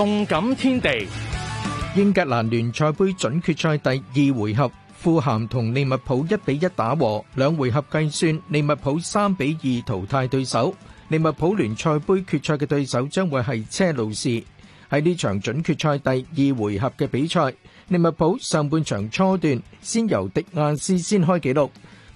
動感天地，英格蘭聯賽杯準決賽第二回合，富咸同利物浦一比一打和，兩回合計算，利物浦三比二淘汰對手。利物浦聯賽杯決賽嘅對手將會係車路士。喺呢場准決賽第二回合嘅比賽，利物浦上半場初段先由迪亞斯先開紀錄。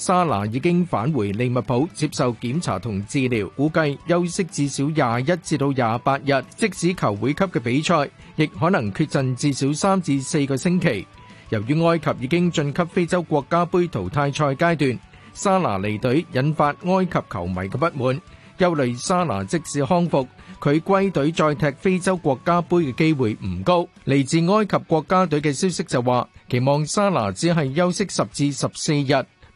沙拿已經返回利物浦接受檢查同治療，估計休息至少廿一至到廿八日。即使球會級嘅比賽，亦可能缺陣至少三至四個星期。由於埃及已經晉級非洲國家杯淘汰賽階段，沙拿離隊引發埃及球迷嘅不滿。憂慮沙拿即使康復，佢歸隊再踢非洲國家杯嘅機會唔高。嚟自埃及國家隊嘅消息就話，期望沙拿只係休息十至十四日。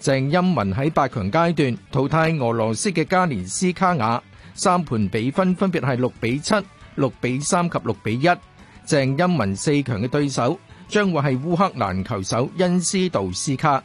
鄭欽文喺八強階段淘汰俄羅斯嘅加連斯卡雅，三盤比分分別係六比七、六比三及六比一。鄭欽文四強嘅對手將會係烏克蘭球手恩斯杜斯卡。